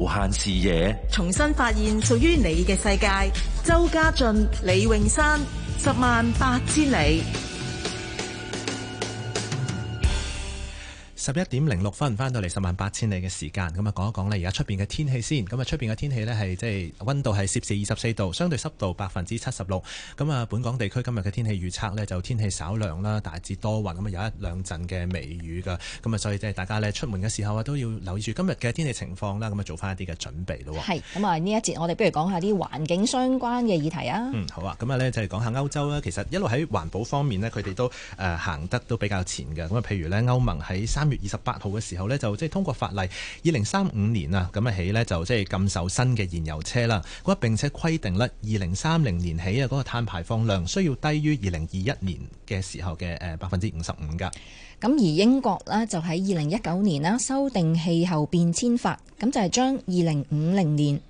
無限視野，重新發現屬於你嘅世界。周家俊、李泳山，十萬八千里。十一點零六分，翻到嚟十萬八千里嘅時間，咁啊講一講呢，而家出邊嘅天氣先。咁啊，出邊嘅天氣呢，係即係溫度係攝氏二十四度，相對濕度百分之七十六。咁啊，本港地區今日嘅天氣預測呢，就天氣稍涼啦，大致多雲，咁啊有一兩陣嘅微雨噶。咁啊，所以即係大家呢，出門嘅時候啊，都要留意住今日嘅天氣情況啦。咁啊，做翻一啲嘅準備咯。係。咁啊，呢一節我哋不如講下啲環境相關嘅議題啊。嗯，好啊。咁啊呢，就係講下歐洲啦。其實一路喺環保方面呢，佢哋都誒行得都比較前嘅。咁啊，譬如呢，歐盟喺三月二十八號嘅時候呢，就即係通過法例，二零三五年啊咁啊起呢，就即係禁售新嘅燃油車啦。咁啊，並且規定咧，二零三零年起啊，嗰個碳排放量需要低於二零二一年嘅時候嘅誒百分之五十五噶。咁而英國呢，就喺二零一九年啦，修訂氣候變遷法，咁就係將二零五零年。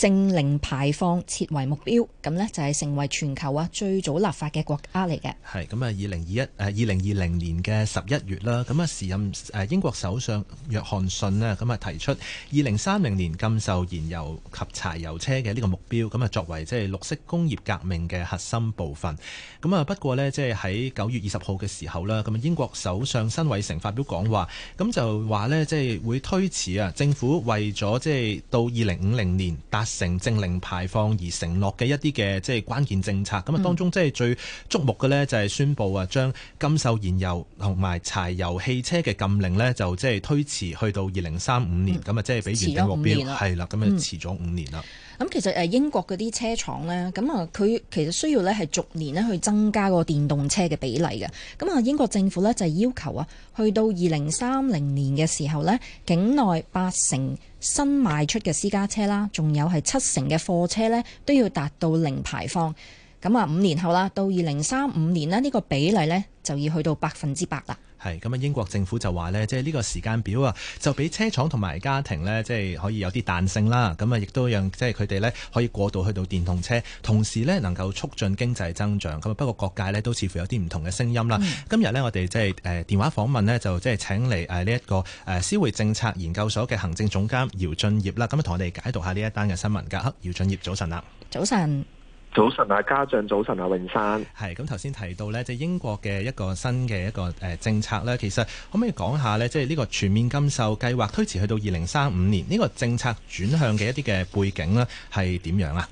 淨零排放設為目標，咁呢就係成為全球啊最早立法嘅國家嚟嘅。係咁啊，二零二一誒二零二零年嘅十一月啦，咁啊，時任誒英國首相約翰遜咧，咁啊提出二零三零年禁售燃油及柴油車嘅呢個目標，咁啊作為即係綠色工業革命嘅核心部分。咁啊不過呢，即係喺九月二十號嘅時候啦，咁啊英國首相辛偉誠發表講話，咁就話呢，即、就、係、是、會推遲啊，政府為咗即係到二零五零年達。成淨零排放而承諾嘅一啲嘅即係關鍵政策，咁啊、嗯、當中即係最矚目嘅咧，就係宣布啊將禁售燃油同埋柴油汽車嘅禁令咧，就即係推遲去到二零三五年，咁啊、嗯、即係比原定目標，係啦，咁啊遲咗五年啦。咁、嗯、其實誒英國嗰啲車廠咧，咁啊佢其實需要咧係逐年咧去增加個電動車嘅比例嘅。咁啊英國政府咧就係要求啊，去到二零三零年嘅時候咧，境內八成。新賣出嘅私家車啦，仲有係七成嘅貨車咧，都要達到零排放。咁啊，五年後啦，到二零三五年咧，呢、呢個比例咧。就要去到百分之百啦。係咁啊，英國政府就話呢，即係呢個時間表啊，就俾車廠同埋家庭呢，即係可以有啲彈性啦。咁啊，亦都讓即係佢哋呢，可以過渡去到電動車，同時呢，能夠促進經濟增長。咁啊，不過各界呢，都似乎有啲唔同嘅聲音啦。嗯，今日呢，我哋即係誒電話訪問呢，就即係請嚟誒呢一個誒思匯政策研究所嘅行政總監姚俊業啦。咁啊，同我哋解讀下呢一單嘅新聞㗎。姚俊業，早晨啦！早晨。早晨啊，家長！早晨啊，永山。係咁，頭先提到咧，即係英國嘅一個新嘅一個誒政策咧，其實可唔可以講下咧，即係呢個全面禁售計劃推遲去到二零三五年呢，這個政策轉向嘅一啲嘅背景咧，係點樣啊？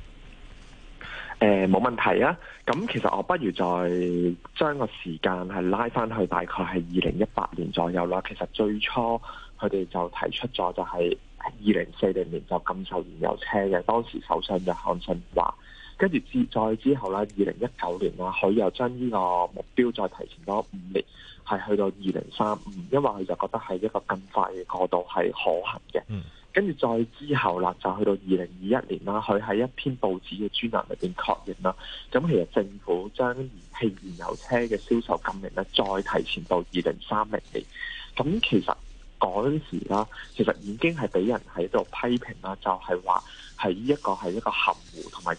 誒，冇問題啊！咁其實我不如再將個時間係拉翻去大概係二零一八年左右啦。其實最初佢哋就提出咗就係二零四零年就禁售燃油車嘅，當時首相就看信話。跟住再之後啦，二零一九年啦，佢又將呢個目標再提前多五年，係去到二零三五，因為佢就覺得係一個更快嘅過渡，係可行嘅。嗯。跟住再之後啦，就去到二零二一年啦，佢喺一篇報紙嘅專欄入邊確認啦。咁其實政府將燃氣燃油車嘅銷售禁令咧，再提前到二零三零年。咁其實嗰時啦，其實已經係俾人喺度批評啦，就係話係呢一個係一個含糊同埋，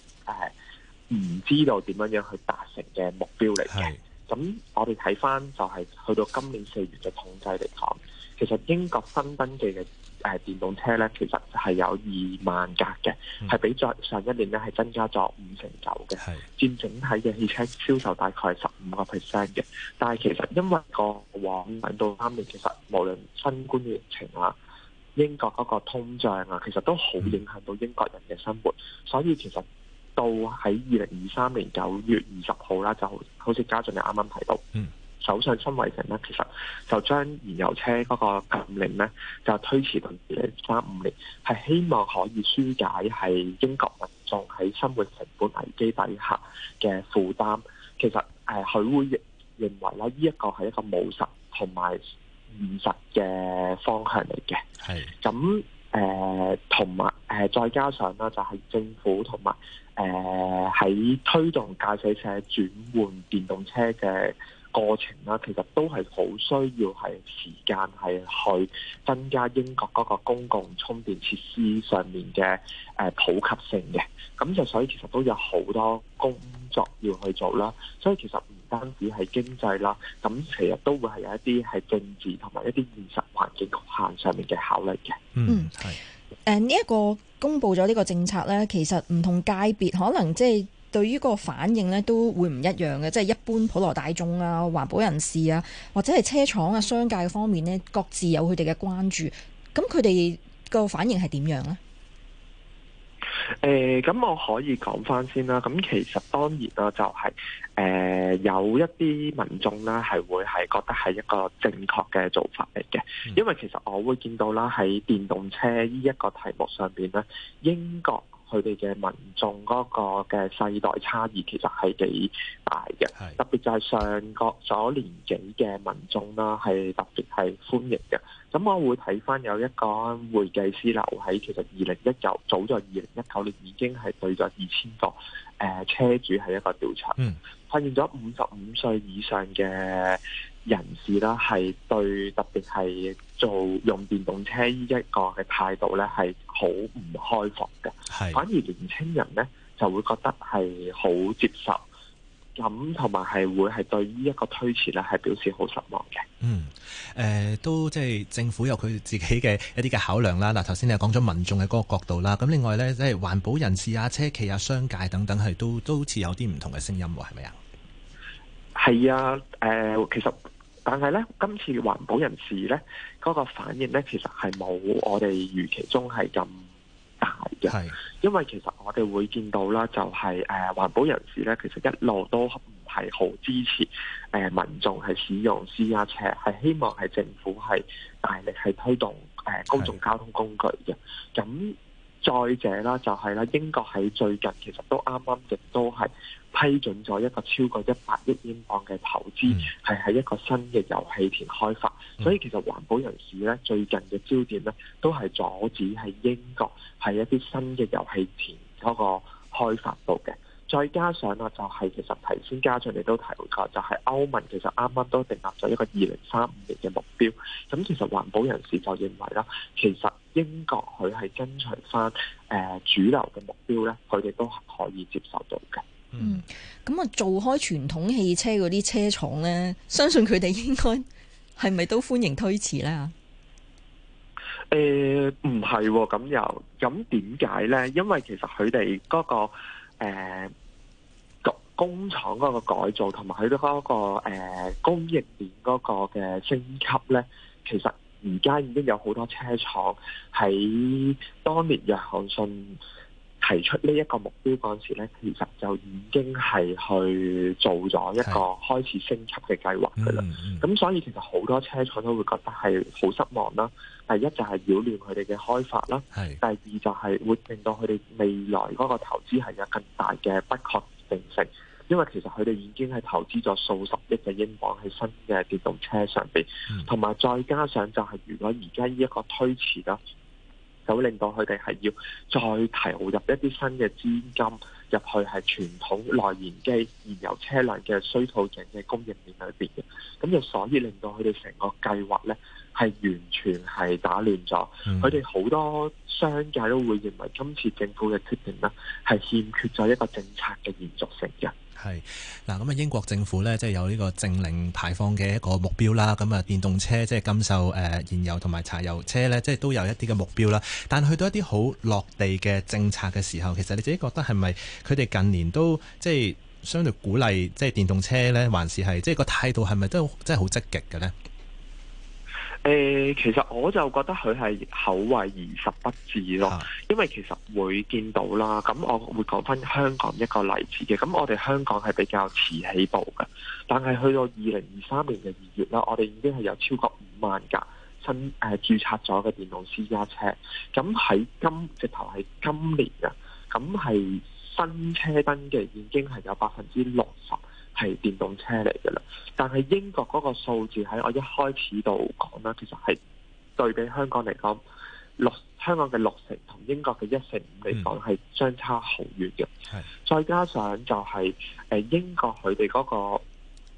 誒，唔知道點樣樣去達成嘅目標嚟嘅。咁是我哋睇翻就係去到今年四月嘅統計嚟講，其實英國新登記嘅誒電動車咧，其實係有二萬架嘅，係、嗯、比在上一年咧係增加咗五成九嘅，佔是整體嘅汽車銷售大概十五個 percent 嘅。但係其實因為過往兩到三年，其實無論新冠疫情啊，英國嗰個通脹啊，其實都好影響到英國人嘅生活，嗯、所以其實。到喺二零二三年九月二十號啦，就好似家俊你啱啱提到，首相辛偉誠咧，其實就將燃油車嗰個禁令咧，就推遲到二零三五年，係希望可以舒解係英國民眾喺生活成本危機底下嘅負擔。其實誒，佢會認為咧，呢、這個、一個係一個務實同埋現實嘅方向嚟嘅。係咁是。誒，同埋誒再加上啦，就係政府同埋誒喺推動駕駛車轉換電動車嘅過程啦，其實都係好需要係時間係去增加英國嗰個公共充電設施上面嘅誒、呃、普及性嘅。咁就所以其實都有好多工作要去做啦，所以其實。單止係經濟啦，咁其實都會係有一啲係政治同埋一啲現實環境局限上面嘅考慮嘅。嗯，係誒呢一個公布咗呢個政策咧，其實唔同界別可能即係對於個反應咧都會唔一樣嘅。即係一般普羅大眾啊，環保人士啊，或者係車廠啊，商界方面咧，各自有佢哋嘅關注。咁佢哋個反應係點樣咧？誒咁、呃、我可以講翻先啦，咁其實當然啦、就是，就係誒有一啲民眾咧係會係覺得係一個正確嘅做法嚟嘅，因為其實我會見到啦，喺電動車呢一個題目上面咧，英國佢哋嘅民眾嗰個嘅世代差異其實係幾大嘅，的特別就係上個咗年紀嘅民眾啦，係特別係歡迎嘅。咁我會睇翻有一個會計師樓喺其實二零一九，早在二零一九年已經係對咗二千個誒、呃、車主係一個調查，嗯、發現咗五十五歲以上嘅人士啦，係對特別係做用電動車呢一個嘅態度咧係好唔開放嘅，是反而年輕人咧就會覺得係好接受。咁同埋係會係對於一個推遲咧係表示好失望嘅。嗯，誒、呃，都即係政府有佢自己嘅一啲嘅考量啦。嗱，頭先你講咗民眾嘅嗰個角度啦。咁另外咧，即係環保人士啊、車企啊、商界等等，係都都好似有啲唔同嘅聲音喎，係咪啊？係啊，誒，其實但係咧，今次環保人士咧嗰、那個反應咧，其實係冇我哋預期中係咁。大嘅，因為其實我哋會見到啦、就是，就係誒環保人士咧，其實一路都唔係好支持誒、呃、民眾係使用私家車，係希望係政府係大力去推動誒、呃、公共交通工具嘅，咁、嗯。再者啦，就係啦，英國喺最近其實都啱啱亦都係批准咗一個超過一百億英鎊嘅投資，係喺一個新嘅油氣田開發。所以其實環保人士咧，最近嘅焦點咧，都係阻止喺英國喺一啲新嘅油氣田嗰個開發到嘅。再加上啊，就係其實頭先家長你都提到過，就係歐盟其實啱啱都定立咗一個二零三五年嘅目標，咁、嗯、其實環保人士就認為啦，其實英國佢係跟隨翻誒主流嘅目標咧，佢哋都可以接受到嘅。嗯，咁啊，做開傳統汽車嗰啲車廠咧，相信佢哋應該，係咪都歡迎推遲咧？誒唔係喎，咁又咁點解咧？因為其實佢哋嗰個誒。欸工廠嗰個改造同埋佢嗰個呃、供應鏈嗰個嘅升級呢，其實而家已經有好多車廠喺當年約翰遜提出呢一個目標嗰陣時呢，其實就已經係去做咗一個開始升級嘅計劃噶啦。咁的所以其實好多車廠都會覺得係好失望啦。第一就係擾亂佢哋嘅開發啦，第二就係會令到佢哋未來嗰個投資係有更大嘅不確定性。因為其實佢哋已經係投資咗數十億嘅英鎊喺新嘅電動車上邊，同埋、嗯、再加上就係如果而家呢一個推遲啦，就會令到佢哋係要再投入一啲新嘅資金入去係傳統內燃機、燃油車輛嘅衰退型嘅供應鏈裏邊嘅。咁就所以令到佢哋成個計劃呢係完全係打亂咗。佢哋好多商界都會認為今次政府嘅決定呢係欠缺咗一個政策嘅延續性嘅。係嗱，咁啊英國政府咧，即係有呢個淨零排放嘅一個目標啦。咁啊，電動車即係禁售誒燃油同埋柴油車咧，即係都有一啲嘅目標啦。但去到一啲好落地嘅政策嘅時候，其實你自己覺得係咪佢哋近年都即係相對鼓勵即係電動車咧，還是係即係個態度係咪都真係好積極嘅咧？誒，其實我就覺得佢係口惠而實不至咯，因為其實會見到啦。咁我會講翻香港一個例子嘅。咁我哋香港係比較遲起步嘅，但係去到二零二三年嘅二月啦，我哋已經係有超過五萬架新誒註冊咗嘅電動私家車。咁喺今直頭係今年呀，咁係新車登記已經係有百分之六十。係電動車嚟噶啦，但係英國嗰個數字喺我一開始度講啦，其實係對比香港嚟講六香港嘅六成同英國嘅一成五嚟講係相差好遠嘅。嗯、再加上就係誒英國佢哋嗰個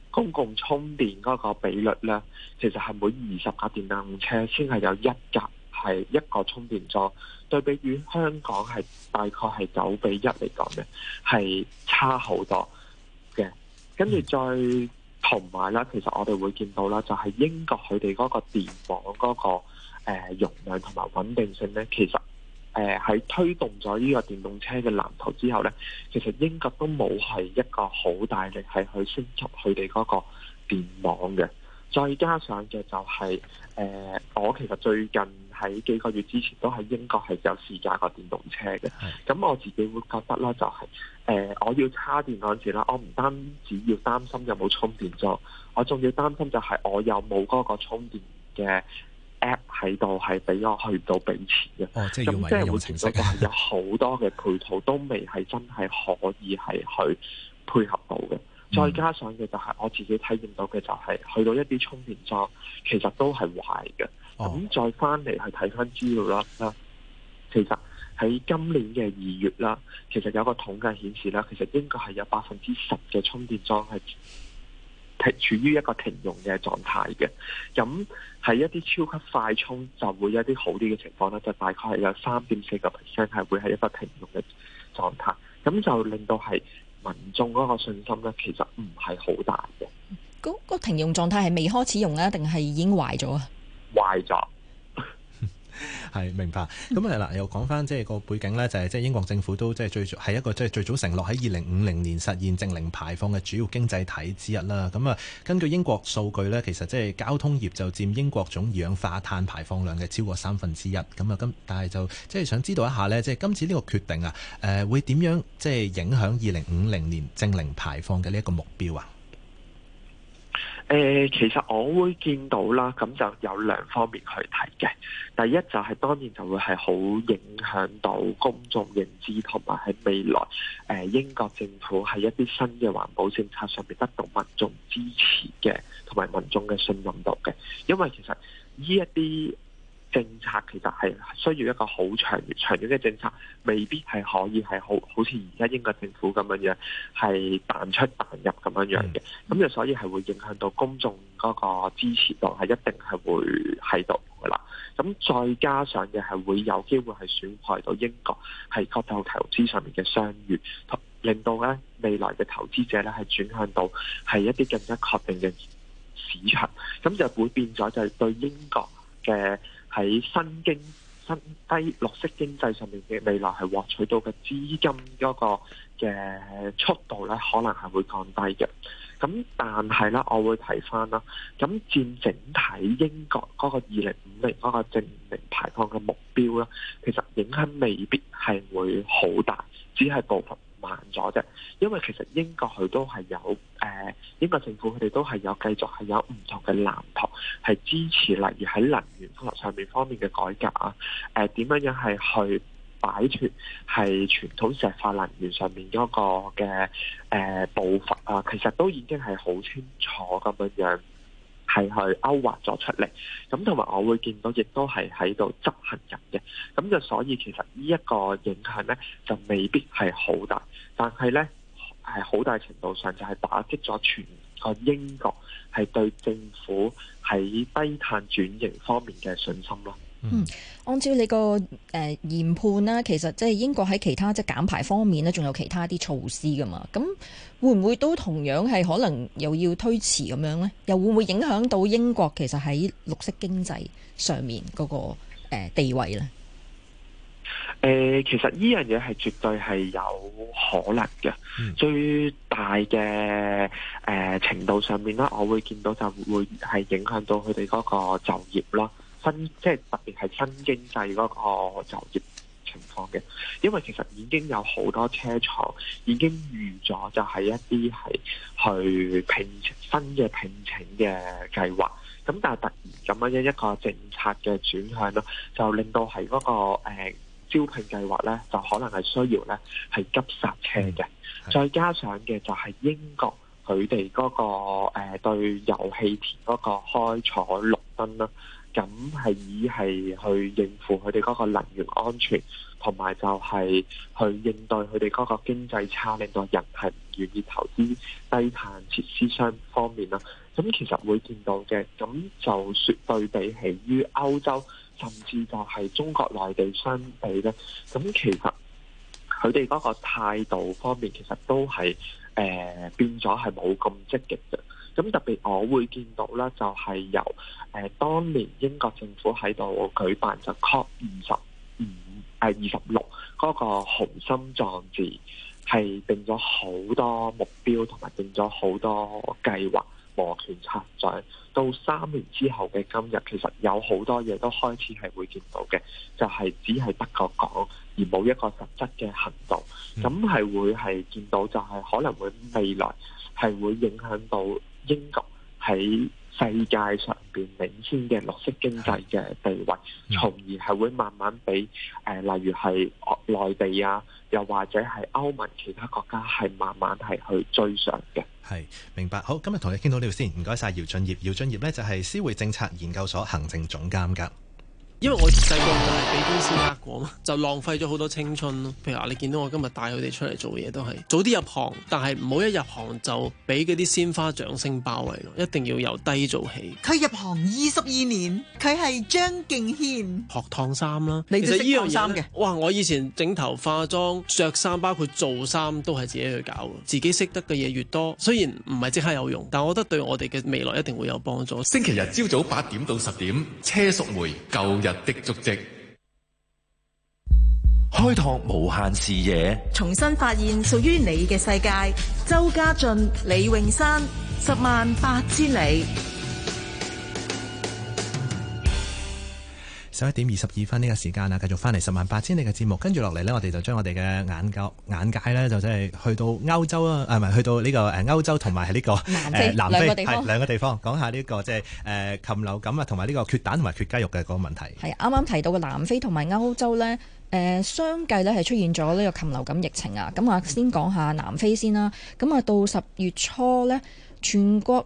公共充電嗰個比率呢，其實係每二十架電動車先係有一架係一個充電座，對比於香港係大概係九比一嚟講嘅，係差好多。跟住再同埋啦，其實我哋會見到啦，就係英國佢哋嗰個電網嗰、嗰個誒、呃、容量同埋穩定性咧，其實誒喺、呃、推動咗呢個電動車嘅藍圖之後咧，其實英國都冇係一個好大力係去升級佢哋嗰個電網嘅。再加上嘅就係、是、誒、呃、我其實最近。喺幾個月之前都喺英國係有試駕過電動車嘅，咁的我自己會覺得啦、就是，就係，誒，我要插電嗰陣時啦，我唔單止要擔心有冇充電座，我仲要擔心就係我有冇嗰個充電嘅 App 喺度，係俾我去到俾錢嘅。咁、哦、即係會存在係有好多嘅配套都未係真係可以係去配合到嘅。嗯、再加上嘅就係、是、我自己體驗到嘅就係、是、去到一啲充電座，其實都係壞嘅。咁、哦、再翻嚟去睇翻資料啦。其實喺今年嘅二月啦，其實有一個統計顯示啦，其實應該係有百分之十嘅充電樁係停處於一個停用嘅狀態嘅。咁喺一啲超級快充就會有一啲好啲嘅情況咧，就大概係有三點四個 percent 係會喺一個停用嘅狀態。咁就令到係民眾嗰個信心咧，其實唔係好大嘅。嗰、嗰個停用狀態係未開始用啊，定係已經壞咗啊？壞咗，係 明白。咁啊嗱，又講翻即係個背景呢，就係即係英國政府都即係最早係一個即係最早承諾喺二零五零年實現淨零排放嘅主要經濟體之一啦。咁啊，根據英國數據呢，其實即係交通業就佔英國總二氧化碳排放量嘅超過三分之一。咁啊，咁但係就即係想知道一下呢，即係今次呢個決定啊，誒、呃，會點樣即係影響二零五零年淨零排放嘅呢一個目標啊？誒，其實我會見到啦，咁就有兩方面去睇嘅。第一就係、是、當然就會係好影響到公眾認知，同埋喺未來誒、呃、英國政府喺一啲新嘅環保政策上面得到民眾支持嘅，同埋民眾嘅信任度嘅。因為其實呢一啲政策其實係需要一個好長長遠嘅政策，未必係可以係好好似而家英國政府咁樣樣係彈出彈入咁樣樣嘅，咁就所以係會影響到公眾嗰個支持度係一定係會喺度噶啦。咁再加上嘅係會有機會係損害到英國係確有投資上面嘅商譽，令到咧未來嘅投資者咧係轉向到係一啲更加確定嘅市場，咁就會變咗就係對英國嘅。喺新經新低綠色經濟上面嘅未來，係獲取到嘅資金嗰個嘅速度咧，可能係會降低嘅。咁但係咧，我會提翻啦。咁佔整體英國嗰個二零五零嗰個淨零排放嘅目標咧，其實影響未必係會好大，只係部分。慢咗啫，因為其實英國佢都係有，誒、呃，英國政府佢哋都係有繼續係有唔同嘅藍圖，係支持例如喺能源上面方面嘅改革啊，誒、呃，點樣樣係去擺脫係傳統石化能源上面嗰個嘅誒、呃、步伐啊，其實都已經係好清楚咁樣樣。係去勾畫咗出嚟，咁同埋我會見到亦都係喺度執行人嘅，咁就所以其實呢一個影響咧就未必係好大，但係咧係好大程度上就係打擊咗全個英國係對政府喺低碳轉型方面嘅信心咯。嗯，按照你個誒研判啦，其實即係英國喺其他即係減排方面咧，仲有其他啲措施噶嘛？咁會唔會都同樣係可能又要推遲咁樣呢？又會唔會影響到英國其實喺綠色經濟上面嗰、那個誒、呃、地位呢？誒、呃，其實呢樣嘢係絕對係有可能嘅。嗯、最大嘅誒、呃、程度上面啦，我會見到就會係影響到佢哋嗰個就業啦，分即係。係新經濟嗰個就業情況嘅，因為其實已經有好多車廠已經預咗，就係一啲係去聘新嘅聘請嘅計劃。咁但係突然咁樣一個政策嘅轉向啦，就令到係嗰、嗰個、呃、招聘計劃咧，就可能係需要咧係急煞車嘅。再加上嘅就係英國佢哋嗰個誒、呃、對油氣田嗰個開採綠燈啦。咁係以係去應付佢哋嗰個能源安全，同埋就係去應對佢哋嗰個經濟差，令到人係唔願意投資低碳設施商方面啦。咁其實會見到嘅，咁就説對比起於歐洲，甚至就係中國內地相比咧，咁其實佢哋嗰個態度方面，其實都係誒、呃、變咗係冇咁積極嘅。咁特別，我會見到咧，就係由誒當年英國政府喺度舉辦就 COP 二十五誒二十六嗰個雄心壯志，係定咗好多目標同埋定咗好多計劃，摩拳擦掌，在到三年之後嘅今日，其實有好多嘢都開始係會見到嘅，就係、是、只係得個講而冇一個實質嘅行動，咁係、嗯、會係見到就係可能會未來係會影響到。英國喺世界上邊領先嘅綠色經濟嘅地位，的從而係會慢慢俾誒、呃，例如係內地啊，又或者係歐盟其他國家係慢慢係去追上嘅。係明白，好，今日同你傾到呢度先，唔該晒，姚俊業。姚俊業呢，就係思匯政策研究所行政總監噶。因為我細個就係俾公司呃過嘛， 就浪費咗好多青春咯。譬如話，你見到我今日帶佢哋出嚟做嘢都係早啲入行，但係唔好一入行就俾嗰啲鮮花掌聲包圍咯，一定要由低做起。佢入行二十二年，佢係張敬軒學燙衫啦，你都識燙衫嘅。哇！我以前整頭化妝、着衫，包括做衫都係自己去搞，自己識得嘅嘢越多，雖然唔係即刻有用，但我覺得對我哋嘅未來一定會有幫助。星期日朝早八點到十點，車淑梅舊日的足跡，開拓無限視野，重新發現屬於你嘅世界。周家俊、李泳山，十萬八千里。一點二十二分呢個時間啊，繼續翻嚟十萬八千里嘅節目，跟住落嚟呢，我哋就將我哋嘅眼界、眼界呢，就真係去到歐洲啦，啊唔係去到呢、這個誒歐洲同埋係呢個南非、呃、南非兩個地方，兩個地方講 下呢、這個即係誒禽流感啊，同埋呢個缺蛋同埋缺雞肉嘅嗰個問題。係啱啱提到嘅南非同埋歐洲呢，誒、呃、相繼呢，係出現咗呢個禽流感疫情啊。咁啊，先講下南非先啦。咁啊，到十月初呢，全國。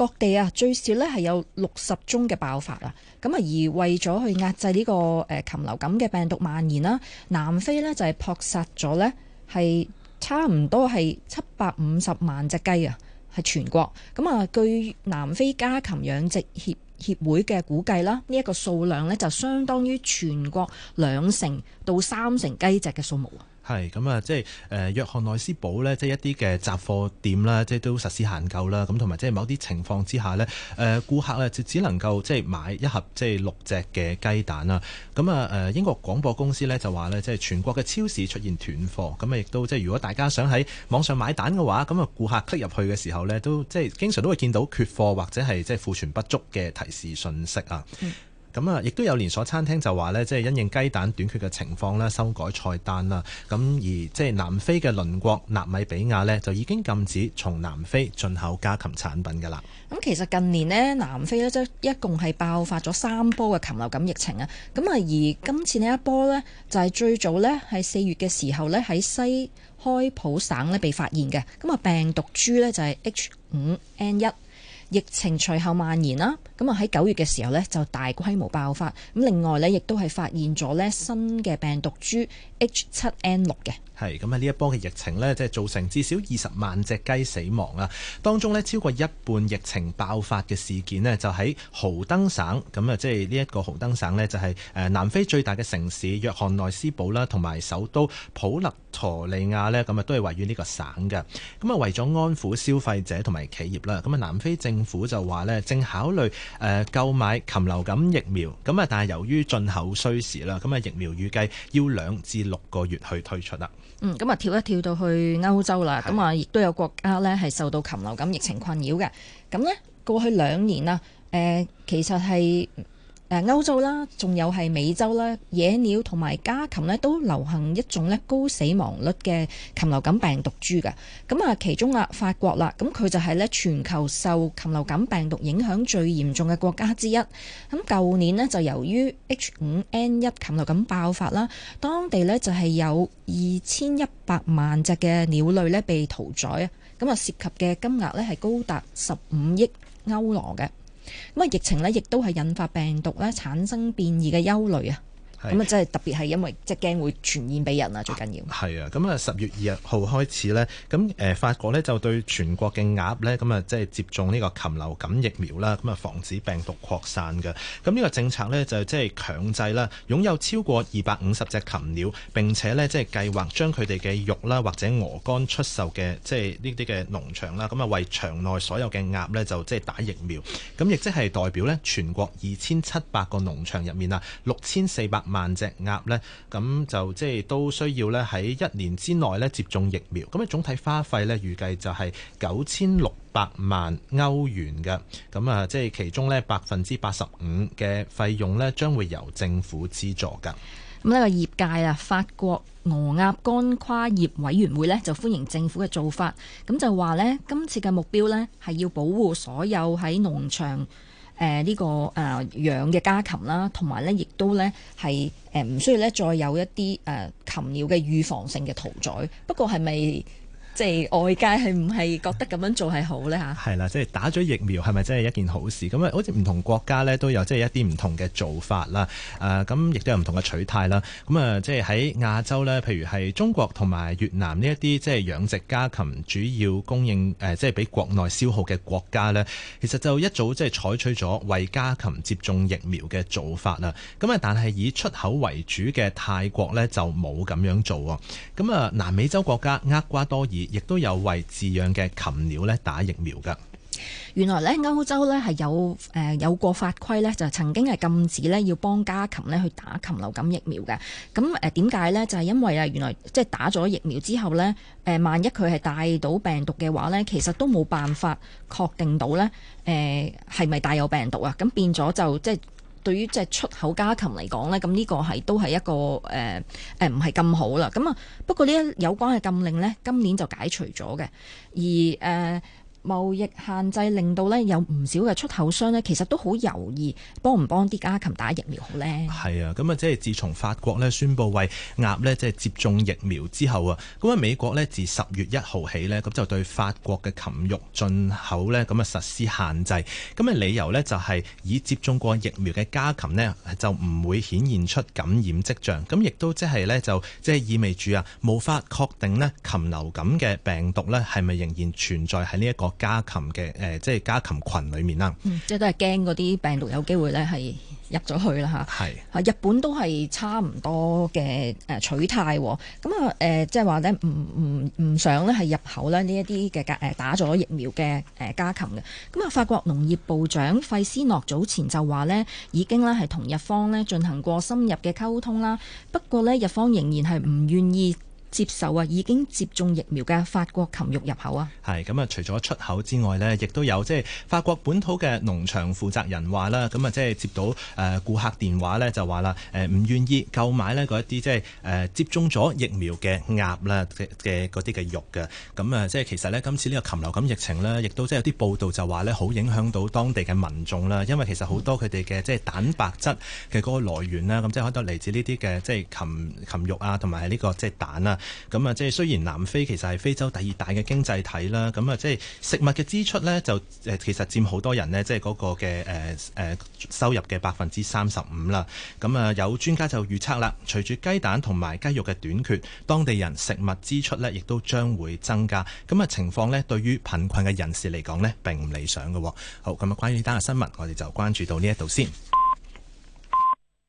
各地啊，最少咧係有六十宗嘅爆發啊。咁啊，而為咗去壓制呢、這個誒、呃、禽流感嘅病毒蔓延啦，南非咧就係撲殺咗咧係差唔多係七百五十萬隻雞啊，係全國咁啊。據南非家禽養殖協協會嘅估計啦，呢、這、一個數量咧就相當於全國兩成到三成雞隻嘅數目。係咁啊，即係誒約翰內斯堡呢，即係一啲嘅雜貨店啦，即係都實施限購啦。咁同埋即係某啲情況之下呢，誒、呃、顧客呢，就只能夠即係買一盒即係六隻嘅雞蛋啦。咁啊誒英國廣播公司呢，就話呢，即係全國嘅超市出現斷貨。咁啊亦都即係如果大家想喺網上買蛋嘅話，咁啊顧客 click 入去嘅時候呢，都即係經常都會見到缺貨或者係即係庫存不足嘅提示訊息啊。嗯咁啊，亦都有連鎖餐廳就話呢，即係因應雞蛋短缺嘅情況咧，修改菜單啦。咁而即係南非嘅鄰國納米比亞呢，就已經禁止從南非進口家禽產品㗎喇。咁其實近年呢，南非呢，即係一共係爆發咗三波嘅禽流感疫情啊。咁啊，而今次呢一波呢，就係最早呢係四月嘅時候呢，喺西開普省呢被發現嘅。咁啊，病毒株呢，就係 H 五 N 一。疫情隨後蔓延啦，咁啊喺九月嘅時候呢，就大規模爆發，咁另外呢，亦都係發現咗呢新嘅病毒株 H7N6 嘅係咁啊，呢一波嘅疫情呢，即係造成至少二十萬隻雞死亡啊，當中呢，超過一半疫情爆發嘅事件呢，就喺豪登省，咁啊即係呢一個豪登省呢，就係誒南非最大嘅城市約翰內斯堡啦，同埋首都普勒陀利亞呢。咁啊都係位於呢個省嘅。咁啊為咗安撫消費者同埋企業啦，咁啊南非政政府就話咧，正考慮誒購買禽流感疫苗，咁啊，但係由於進口需時啦，咁啊疫苗預計要兩至六個月去推出啦。嗯，咁啊跳一跳到去歐洲啦，咁啊亦都有國家咧係受到禽流感疫情困擾嘅。咁呢過去兩年啊，誒、呃、其實係。誒歐洲啦，仲有係美洲啦，野鳥同埋家禽呢都流行一種呢高死亡率嘅禽流感病毒株㗎。咁啊，其中啊法國啦，咁佢就係呢全球受禽流感病毒影響最嚴重嘅國家之一。咁舊年呢，就由於 H5N1 禽流感爆發啦，當地呢就係有二千一百萬隻嘅鳥類呢被屠宰啊，咁啊涉及嘅金額呢係高達十五億歐羅嘅。咁啊，疫情呢，亦都係引發病毒呢產生變異嘅憂慮啊！咁啊，真係是特別係因為即係驚會傳染俾人啊，最緊要。係啊，咁啊十月二號開始呢，咁誒法國呢就對全國嘅鴨呢，咁啊即係接種呢個禽流感疫苗啦，咁啊防止病毒擴散嘅。咁呢個政策呢，就即係強制啦，擁有超過二百五十隻禽鳥並且呢即係計劃將佢哋嘅肉啦或者鵝肝出售嘅，即係呢啲嘅農場啦，咁啊為場內所有嘅鴨呢，就即係打疫苗。咁亦即係代表呢，全國二千七百個農場入面啊，六千四百萬隻鴨咧，咁就即係都需要咧喺一年之內咧接種疫苗。咁啊，總體花費咧預計就係九千六百萬歐元嘅。咁啊，即係其中咧百分之八十五嘅費用咧將會由政府資助㗎。咁呢個業界啊，法國鵝鴨肝跨業委員會咧就歡迎政府嘅做法。咁就話咧，今次嘅目標咧係要保護所有喺農場。誒呢、呃這個啊、呃、養嘅家禽啦，同埋咧亦都咧係誒唔需要咧再有一啲誒、呃、禽鳥嘅預防性嘅屠宰。不過係咪？即係外界係唔係覺得咁樣做係好咧吓？係啦，即係打咗疫苗係咪真係一件好事？咁啊，好似唔同國家咧都有即係一啲唔同嘅做法啦。誒、呃，咁亦都有唔同嘅取態啦。咁、呃、啊，即係喺亞洲咧，譬如係中國同埋越南呢一啲即係養殖家禽主要供應誒、呃、即係俾國內消耗嘅國家咧，其實就一早即係採取咗為家禽接種疫苗嘅做法啦。咁、呃、啊，但係以出口為主嘅泰國咧就冇咁樣做喎。咁、呃、啊，南美洲國家厄瓜多爾，亦都有為飼養嘅禽鳥咧打疫苗噶原來咧歐洲咧係有誒、呃、有過法規咧，就曾經係禁止咧要幫家禽咧去打禽流感疫苗嘅。咁誒點解咧？就係、是、因為啊，原來即係打咗疫苗之後咧，誒、呃、萬一佢係帶到病毒嘅話咧，其實都冇辦法確定到咧誒係咪帶有病毒啊？咁變咗就即係。對於即係出口家禽嚟講咧，咁、這、呢個係都係一個誒誒唔係咁好啦。咁啊，不過呢一有關嘅禁令咧，今年就解除咗嘅，而誒。呃貿易限制令到呢有唔少嘅出口商呢，其實都好猶豫，幫唔幫啲家禽打疫苗好呢？係啊，咁啊，即係自從法國呢宣佈為鴨呢即係接種疫苗之後啊，咁喺美國呢，自十月一號起呢，咁就對法國嘅禽肉進口呢咁啊實施限制。咁嘅理由呢，就係已接種過疫苗嘅家禽呢，就唔會顯現出感染跡象。咁亦都即係呢，就即係意味住啊，無法確定呢禽流感嘅病毒呢係咪仍然存在喺呢一個。家禽嘅誒，即係家禽群裏面啦，即係都係驚嗰啲病毒有機會咧係入咗去啦嚇。係，日本都係差唔多嘅誒取態，咁啊誒，即係話咧唔唔唔想咧係入口咧呢一啲嘅誒打咗疫苗嘅誒家禽嘅。咁啊，法國農業部長費斯諾早前就話咧，已經咧係同日方咧進行過深入嘅溝通啦，不過咧日方仍然係唔願意。接受啊，已經接種疫苗嘅法國禽肉入口啊，係咁啊！除咗出口之外呢，亦都有即係法國本土嘅農場負責人話啦，咁、嗯、啊即係接到誒顧客電話呢，就話啦誒唔願意購買呢嗰一啲即係誒、呃、接種咗疫苗嘅鴨啦嘅嗰啲嘅肉嘅，咁、嗯、啊即係其實呢，今次呢個禽流感疫情呢，亦都即係有啲報道就話呢，好影響到當地嘅民眾啦，因為其實好多佢哋嘅即係蛋白質嘅嗰個來源啦，咁即係好多嚟自呢啲嘅即係禽禽肉啊，同埋呢個即係蛋啊。咁啊，即係雖然南非其實係非洲第二大嘅經濟體啦，咁啊，即係食物嘅支出呢，就誒，其實佔好多人呢，即係嗰個嘅誒誒收入嘅百分之三十五啦。咁啊，有專家就預測啦，隨住雞蛋同埋雞肉嘅短缺，當地人食物支出呢亦都將會增加。咁啊，情況呢，對於貧困嘅人士嚟講呢，並唔理想嘅。好，咁啊，關於呢單嘅新聞，我哋就關注到呢一度先。